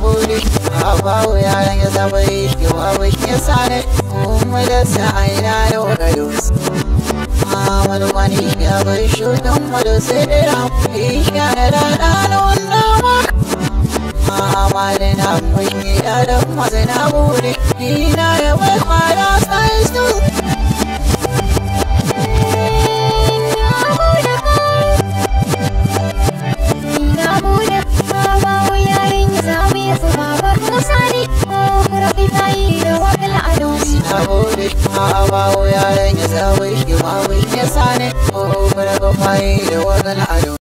haƙuri a babu yaran ya zama yi wa wuce sare kuma da sa'ai na yau da dusu Muhammadu wani ya bar shutan wadu sai da rafi ya da ɗanon nama Muhammadu na mun yi yaran masu na buri ni na haure a bawo yaran ya zawo shi ma